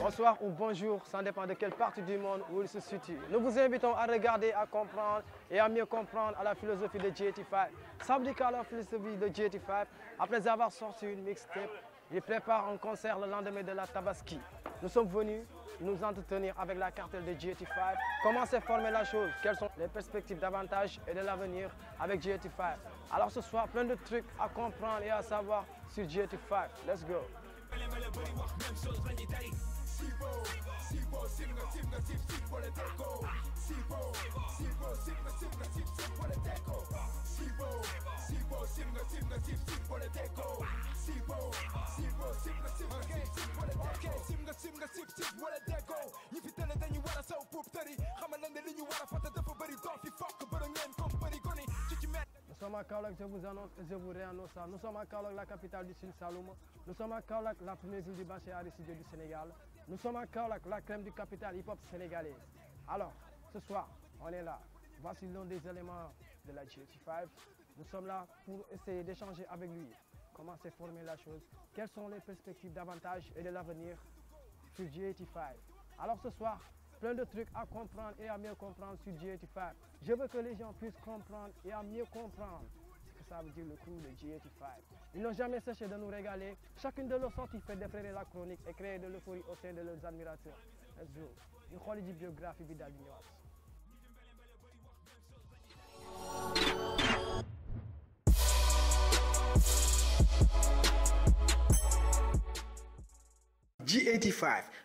Bonsoir ou bonjour, ça dépend de quelle partie du monde où il se situe. Nous vous invitons à regarder, à comprendre et à mieux comprendre à la philosophie de GT5. Sabdika, la philosophie de GT5, après avoir sorti une mixtape, il prépare un concert le lendemain de la Tabaski. Nous sommes venus nous entretenir avec la cartelle de GT5. Comment la chose les perspectives d'avantage et de l'avenir avec GT5 Alors ce soir, plein de trucs à comprendre et à savoir sur GT5. Let's Sibo, Sibo, Simna, Simna, Sim, Sim, Poleteco. Sibo, Sibo, Simna, Simna, Sim, Sim, Poleteco. Sibo, Sibo, Simna, Simna, Sim, Sim, Poleteco. Sibo, Sibo, Simna, Simna, Sim, Sim, Poleteco. Simna, Simna, Sim, Sim, Poleteco. If you tell it, then you wanna sell poop 30. sommes à Kaolack, je vous annonce et je vous réannonce Nous sommes à Kaolack, la capitale du Sine Saloum. Nous sommes à Kaolack, la première île du du Sénégal. Nous sommes à Kaolack, la crème du capital hip-hop Alors, ce soir, on est là. Voici l'un des éléments de la G85. Nous sommes là pour essayer d'échanger avec lui comment s'est formée la chose, quelles sont les perspectives d'avantages et de l'avenir sur G85. Alors ce soir, plein de trucs à comprendre et à mieux comprendre sur GT5. Je veux que les gens puissent comprendre et à mieux comprendre ce que ça veut dire le coup de GT5. Ils n'ont jamais cessé de nous régaler. Chacune de leurs sorties de l'euphorie au sein de leurs admirateurs. Let's go. Ñu xooli ji biographie bi daal di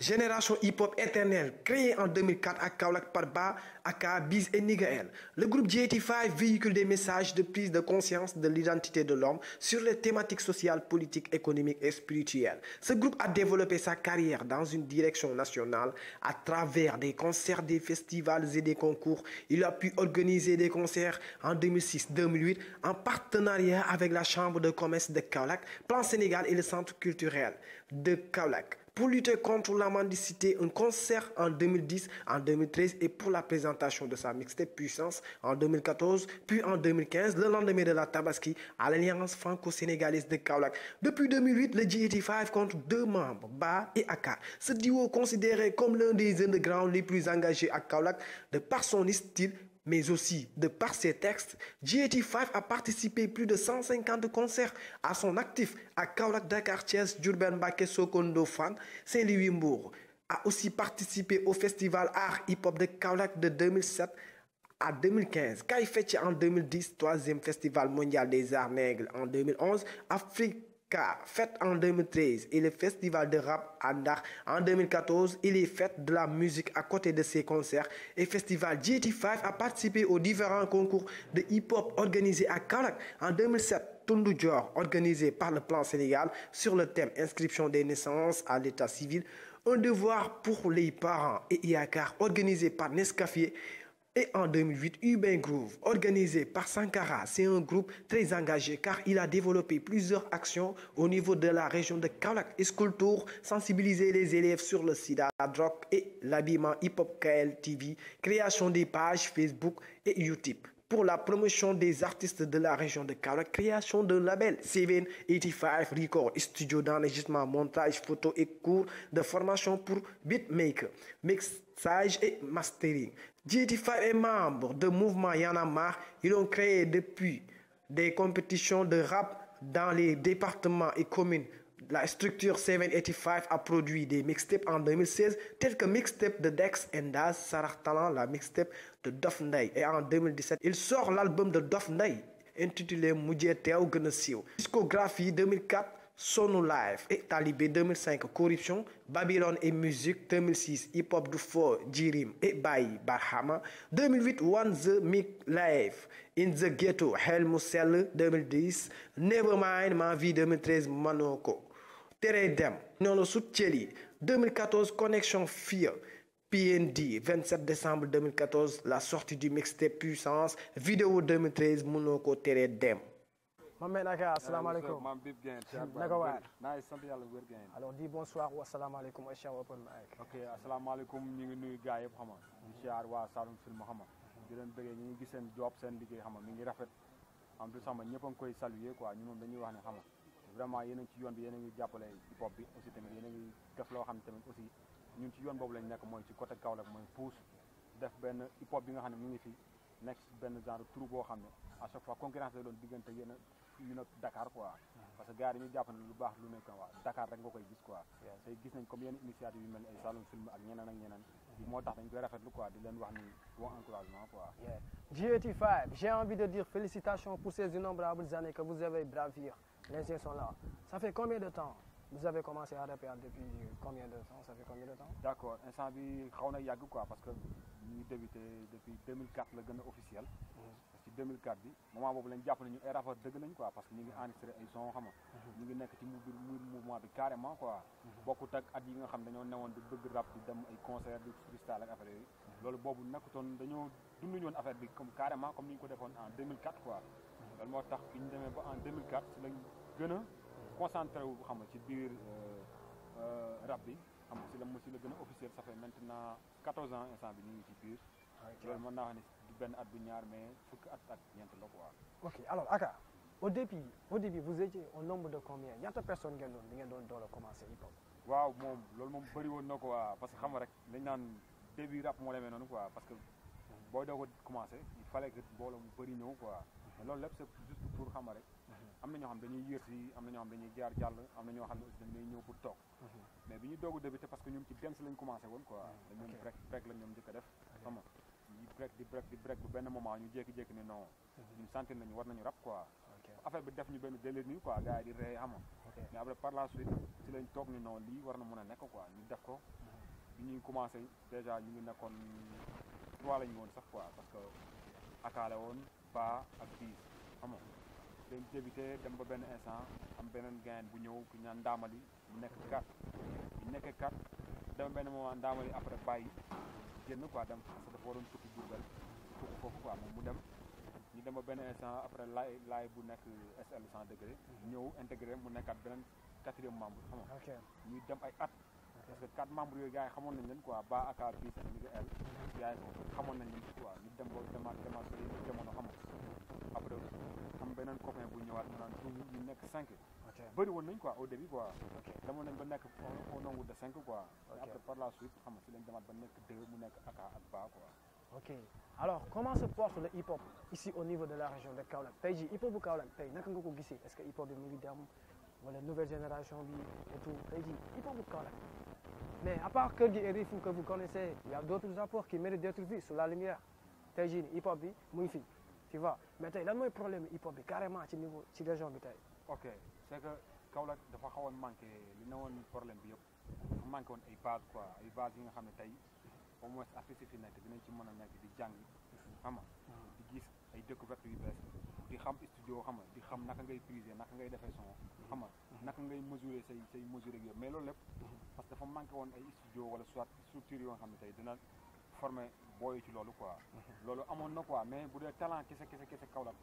Génération Hip Hop Éternelle, créée en 2004 à Kaolack par Ba, Aka, Biz et Nigaël. Le groupe GT5 véhicule des messages de prise de conscience de l'identité de l'homme sur les thématiques sociales, politiques, économiques et spirituelles. Ce groupe a développé sa carrière dans une direction nationale à travers des concerts, des festivals et des concours. Il a pu organiser des concerts en 2006-2008 en partenariat avec la Chambre de commerce de Kaolack, Plan Sénégal et le Centre de Kaolack Draman cité un concert en 2010, en 2013 et pour la présentation de sa mixtape Puissance en 2014, puis en 2015, le lendemain de la Tabaski à l'Alliance franco-sénégalaise de Kaolack. Depuis 2008, le GT5 compte deux membres, Ba et Aka. Ce duo considéré comme l'un des underground les plus engagés à Kaolack de par son style Mais aussi, de par ses textes, GAT5 a participé plus de 150 concerts à son actif à Kaolack, Dakar, Thiès, Diourbel, Mbacké, Sokone, Ndofane, Saint-Louis, Mbour. A aussi participé au festival Art Hip Hop de Kaolack de 2007 à 2015 Kaay Fecc en 2010 troisième festival mondial des arts nègres en 2011 Afrique K, fête en 2013 et le festival de rap à Ndar. En 2014, il est fête de la musique à côté de ses concerts et festival GT5 a participé aux différents concours de hip-hop organisés à Karak. En 2007, Tundu Dior, organisé par le Plan Sénégal sur le thème inscription des naissances à l'état civil, un devoir pour les parents et IACAR organisé par Nescafier. Et en 2008, Urban Groove, organisé par Sankara, c'est un groupe très engagé car il a développé plusieurs actions au niveau de la région de Kaolack et sensibiliser les élèves sur le sida, la drogue et l'habillement hip-hop KL création des pages Facebook et YouTube. pour la promotion des artistes de la région de Kaolack création d'un label Seven Eighty Records studio d'enregistrement montage photo et cours de formation pour beatmaker mixage et mastering Eighty Five est membre de mouvement Y'en a ils ont créé depuis des compétitions de rap dans les départements et communes La structure 785 a produit des mixtapes en 2016 tels que mixtape de Dex and Daz, Sarah Talan, la mixtape de Dof Ndeye et en 2017 il sort l'album de Dof Ndeye intitulé Mujjee Teew Gën a Siiw. Discographie 2004 Sonu Live et Talibé 2005 Corruption Babylone et Musique 2006 Hip Hop du Fo Jirim et Baye Barhama 2008 One The Mic Live In The Ghetto Xel mu sell 2010 Nevermind Ma Vie Manoko tere dem noonu Souththierry 2014 Connection Fear PND 27 décembre 2014 la sortie du mixtape Puissance vidéo 2013 mënoo ko tere dem. ma mel nag asalaamaaleykum naka waay naa sant yàlla wér gain alors dis bonsoir wa salaamaaleykum Aïcha open mic ok asalaamaaleykum ñu ngi nuyu gars yëpp xama di siyaar waa Saloum Film xama di leen bëggee ñu ngi gis seen job seen liggéey xama mi ngi rafet en plus xama ñëpp a ngi koy saluer quoi ñu moom dañuy wax ne xama vraiment ci yoon bi yéen a jàppale hip hop bi aussi tamit yéen ci yoon boobu lañ nekk mooy ci côté Kaolack mooy puus def benn hip bi nga xam ne mu ngi fi nekk benn genre trou boo xam ne à chaque fois concurrence lay doon diggante yéen a yéen a hmm. parce que gars yi dañuy lu baax lu nekk waa Dakar rek nga koy gis quoi tey gis nañ comme yenn initiative yu mel ay salon film ak ñeneen ak ñeneen moo tax dañ koy rafetlu quoi di leen wax Les yeux sont là. Ça fait combien de temps vous avez commencé à répéter combien de temps ça fait bi xaw na yàgg quoi parce que ñu débuté depuis la gën a officiel. parce que 2004 bi moment boobu lañ jàpp ne ay rapport dëgg nañ quoi parce que ñu ngi enregistré ay son xam mhm. ñu ngi nekk ci mouvement bi carrément quoi. Mhm. bokkut ak at yi nga xam dañoo newoon di bëgg rap di dem ay concert di freestyle ak affaire yooyu. Mhm. loolu boobu nekkutoon dañoo dunduñu affaire bi comme carrément comme loolu moo tax bi ñu demee ba en 2004 si lañ gën a concentré wu xam nga ci biir euh, euh, rab bi xam nga si la mu si la gën a officiel ça fait maintenant 14 ans instant bi ñu ngi ci biir. loolu mën naa wax ne du benn at bu ñaar mais fukki at ak ñeent la quoi. ok alors Aka au début au début vous étiez au nombre de combien ñaata personne ngeen doon bi ngeen doon doole commencé hip hop. waaw moom loolu moom bëri woon na quoi parce que xam nga rek dañ naan début rap moo demee noonu quoi parce que booy doo ko commencé il fallait que mbooloo bëri ñëw quoi. loolu lépp c'est juste pour xama rek am na ñoo xam dañuy yër si am na ñoo xam dañuy jaar jàll am na ñoo xam ne aussi dañuy ñëw pour toog mais bi ñu doog a débuté parce que ñoom ci dance lañ commencé woon quoi mm-hmm. ñoom break break la ñu jékki-jékki ne non mm-hmm. ñun sentir nañu war nañu bi def ñu benn délire nii quoi gars yi di ree xam mais après par la suite si lañ toog ni non lii war na mën a nekk quoi ñu def ko mm-hmm. bi ñuy commencé déjà ñu ngi nekkoon trois lañu woon sax quoi parce que akaale woon baa ak biir xam nga dañ débité dem ba benn instant am beneen gain bu ñëw ku ñaan ndaamali mu nekk kat bu nekkee kat dem benn ndaamali après bàyyi génn quoi dem parce que dafa waroon tukki Diourbel tukki foofu quoi moom mu dem ñu dem ba benn instant après laay laay bu nekk SL 100 degré mhm. ñëw intégré mu nekkaat beneen quatrième membre xam nga ñuy dem ay at parce que quatre membres yooyu gars yi xamoon nañ leen quoi ba aka bis ak mi nga el gars yi ko xamoon nañ leen quoi ñu dem ba demaat demaat ba jamono xamoon après am beneen copain bu ñëwaat mu naan tuuti ñu nekk cinq bëri woon nañ quoi au début quoi demoon nañ ba nekk au nombre de cinq quoi après par la suite xam nga si lañ demaat ba nekk deux mu nekk aka ak ba quoi ok alors comment se porte le hip hop ici au niveau de la région de Kaolack tey jii hip hop bu Kaolack tey naka nga ko gisee est-ce que hip hop bi mu ngi dem wala nouvelle génération bi et tout tey jii il faut que Kaolack mais à part Kër gi et Rifou que vous connaissez il d'autres apports qui méritent d'être vus sous la lumière tey jii hip hop bi mu ngi fi tu va mais tey lan mooy problème hip hop bi carrément ci niveau ci région bi tey. ok c'est que Kaolack dafa xawoon manqué li ne woon problème bi yëpp dafa manqué woon ay base quoi ay base yi nga xam ne tey au moins artistes yi fi nekk dinañ ci mën a nekk di jàng xam nga ay découverte yu bees di xam studio xam nga di xam naka ngay priser naka ngay defee son xam mhm. naka ngay mesurer say mesure ak yëpp mais loolu lépp mhm. parce que dafa manqué woon ay studio wala soit structure yoo xam ne tey dina formé booyu ci loolu quoi mhm. loolu amoon na quoi mais bu dee talent kese kese kese Kaolack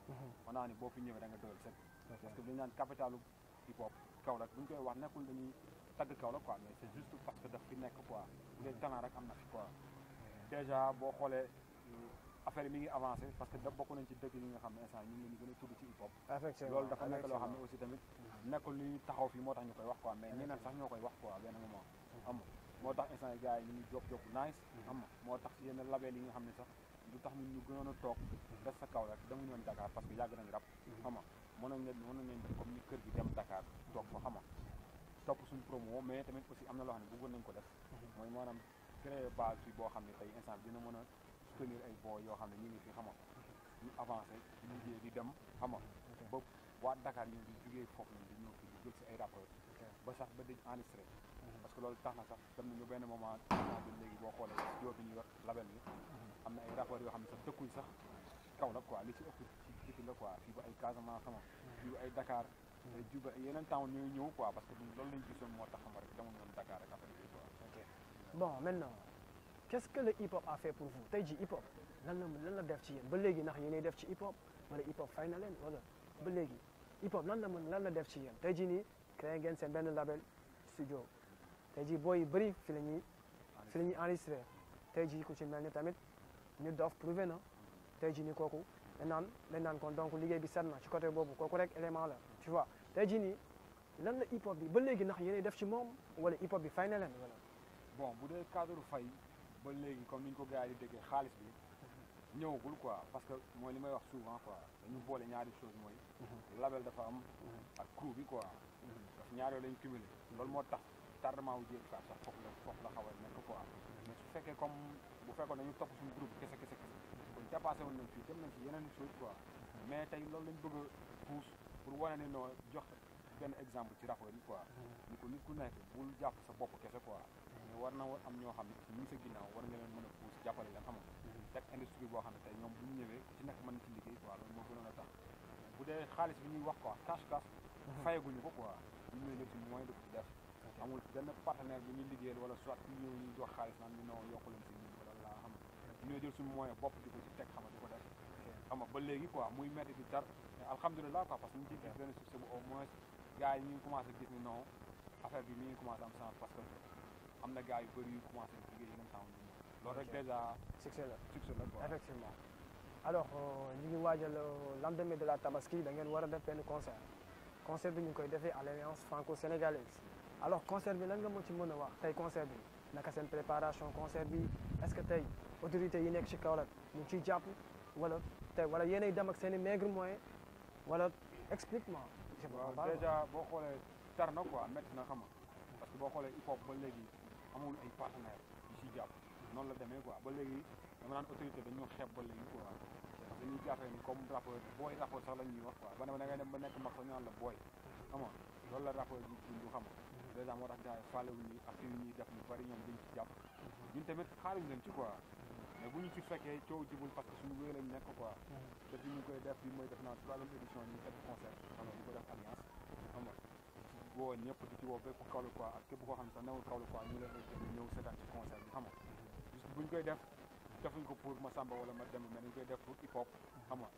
mën naa ni boo fi ñëwee da doyal set parce que dañu naan capitalu hip hop Kaolack bu ñu koy wax nekkul dañuy tagg Kaolack quoi mais c'est affaire yi mi ngi avancé parce que da bokk nañ ci dëkk yi nga xam ne instant ñu ngi leen gën a tudd ci hip hop loolu dafa nekk loo xam ne aussi tamit nekkul luy taxaw fii moo tax ñu koy wax quoi am moo moo tax yenn yi nga xam ne sax tax ñun ñu gënoon a toog des sa kaw rek dama ñëwoon Dakar parce que yàgg nañ rab xama mënoon ngeen mënoon ngeen def comme ni kër gi dem Dakar toog fa xama topp suñu promo mais tamit aussi am na loo xam ne bëggoon nañ ko def mhm. mooy maanaam créer xam ne tey instant dina a tenir ay boo yoo xam ne ñu ngi fi xama ñu avancé liggéey di dem xama ba waa Dakar ñu ngi jugee foofu ñu di ñëw fi di jël si ay rapport ba sax ba dañ enregistré mhm. parce que loolu tax na sax dem nañu benn moment bi léegi boo xoolee studio bi ñuy yor label bi mhm. am na ay rapport yoo xam ne sax dëkkuñ sax kaw la quoi li ci ëpp ci dëkk la quoi fii ba ay Casamance xama mhm. fii ba ay Dakar yeneen temps ñuy ñëw quoi parce que loolu lañ gisoon moo tax xama rek demoon woon quest que le hip-hop a fait pour vous tey jii hip-hop lan la lan la def ci yéen ba léegi ndax yéenay def ci hip-hop wala hip-hop fay na leen wala ba léegi hip-hop la mën lan la def ci yéen tey jii nii créé ngeen seen benn label studio tey jii booy yu bëri fi la ñuy fi la ñuy enregistré tey jii ku ci mel ni tamit ñu dof prouvé na tey jii nii kooku dañ naan dañ naan kon donc liggéey bi set ci côté boobu kooku rek élément la tu tey jii nii lan la hip bi ba léegi ndax yéenay def ci moom wala hip-hop bi fay na leen wala bon bu dee cadre fay ba léegi comme ni ñu ko gars yi di xaalis bi ñëwagul quoi parce que mooy li may wax souvent quoi dañu boole ñaari chose mooy label dafa am ak crew bi quoi parce que ñaar yooyu lañ cumulé loolu moo tax tardement wu jéeg sax sax foofu la foofu la xaw a nekk quoi mais su fekkee comme bu fekkoon dañu topp suñu groupe kese kese kese kon dépassé woon nañ fii dem nañ ci yeneen chose quoi mais tey loolu lañ bëgg a pour wane ne noo jox benn exemple ci rapport yi quoi ko nit ku nekk bul jàpp sa bopp kese quoi war na war am ñoo xam ne mu ngi sa ginnaaw war nga leen mën a puus jàppale leen xam nga mhm. teg industrie boo xam ne tey ñoom bu ñu ñëwee ku ci nekk mën na bu dee xaalis bi ñuy wax quoi cash cash mhm. fayaguñu ñu ñëw lépp moyen de ko def amul benn bi ñuy liggéeyal wala jox xaalis naan ñu noo yokk leen si ñu xam nga ñoo jël suñu moyen bopp di ko ci teg xam nga di ko def xam nga ba léegi quoi muy metti di tar mais alhamdulilah quoi parce que ñu ci gis benn succès bu au moins yi ñu ngi commencé gis ni non affaire bi mi ngi commencé am sens parce que am na gars yu bëri yu commencé di liggéey yeneen temps loolu rek déjà succès la succès la quoi effectivement alors euh, ñu ngi waajal euh, lendemain de la tabaski da ngeen war a def benn concert concert bi ñu ngi koy defee à l'alliance franco-sénégalaise alors concert bi lan nga moo ci mën a wax tey concert bi naka seen préparation concert bi est-ce que tey autorités yi nekk ci Kaolack ñu ngi ciy jàpp wala tey wala yéenay dem ak seen i maigre moyen wala explique-moi déjà boo xoolee tar na quoi métti na xam nga parce que boo xoolee hip hop léegi amul ay partenaires yu si jàpp noonu la demee quoi ba léegi dama naan autorité dañoo xeeb ba léegi quoi dañuy jàppee ni comme rappeur booy rappeur sax la ñuy wax quoi ba ne dem ba nekk mag sax ñu naan la booy xam nga loolu la rappeur bi du xam dèjà moo tax gars yi fàllewuñ ni ak ñuy def ñu bari ñoom dañ ci jàpp ñun tamit xaaruñ leen ci quoi mais bu ñu fekkee coow jibul parce que suñu wéy lañ nekk quoi mm-hmm. te bi ñu koy def bi mooy def naa troisième édition ñu woo ñëpp di ci woo bépp Kaolack quoi ak képp koo xam ne sax newul Kaolack quoi ñu ñu ñëw seetaan koy def pour ma samba wala ma demb mais dañ hip hop xam nga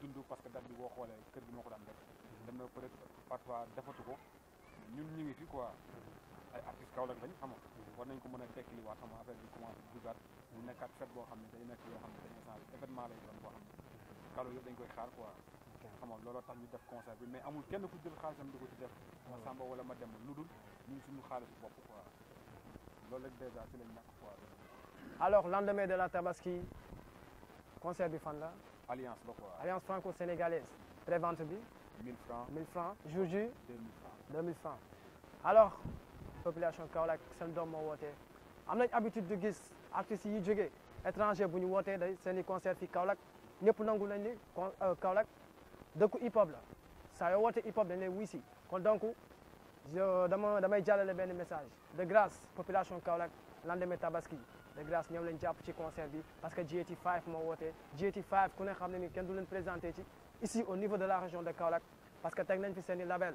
dund parce que date bi boo xoolee kër gi moo ko daan def na peut être parfois defatu ko ñun ñu ngi fi quoi ay artistes Kaolack lañ xam nga war nañ ko mën a tekkili waat xam nga affaire bi commencé dugaat mu nekkaat fête boo xam ne day nekk yoo xam ne dañuy changé événement lay doon boo xam ne Kaolack yëpp dañ koy xaar quoi xam nga looloo tax ñu def concert bi mais amul kenn ku jël xaalisam di ko ci def ma sàmba wala ma dem lu dul ñun suñu xaalis bopp quoi loolu rek dèjà si lañ ñàkk quoi alors de la tabaski concert bi fan la alliance la quoi alliance franco-sénégalaise bi 1000 francs 1000 francs jour J 2000 francs 2000 francs alors population Kaolack seen doom moo wootee am nañ habitude di gis artistes yi jógee étranger bu ñu wootee day seen i concert fii Kaolack ñëpp nangu nañ ni euh, Kaolack dëkku hip hop la sa yoo woote hip hop dañ lay wuy si kon donc dama damay jàllale benn message de grâce population Kaolack lendemain tabaski de grâce ñëw leen jàpp ci concert bi parce que GT5 moo woote GT5 ku ne xam ne ni kenn du leen présenté ci ici au niveau de la région de Kaolack parce que teg nañ fi seeni i label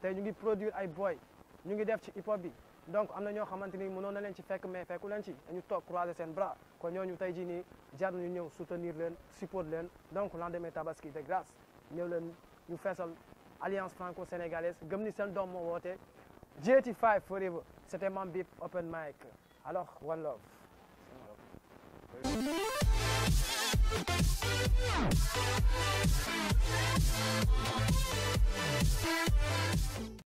tey ñu ngi produire ay boy ñu ngi def ci hip hop bi donc am na ñoo xamante ni mënoon na leen ci fekk mais fekku leen ci ñu toog croiser seen bras kon ñooñu tey jii nii jar nañu ñëw soutenir leen support leen donc lendemain tabaski de ñëw leen ñu feesal alliance franco-sénégalaise gëm ni seen doom moo woote GT5 forever c'était Mame Bip open mic alors one love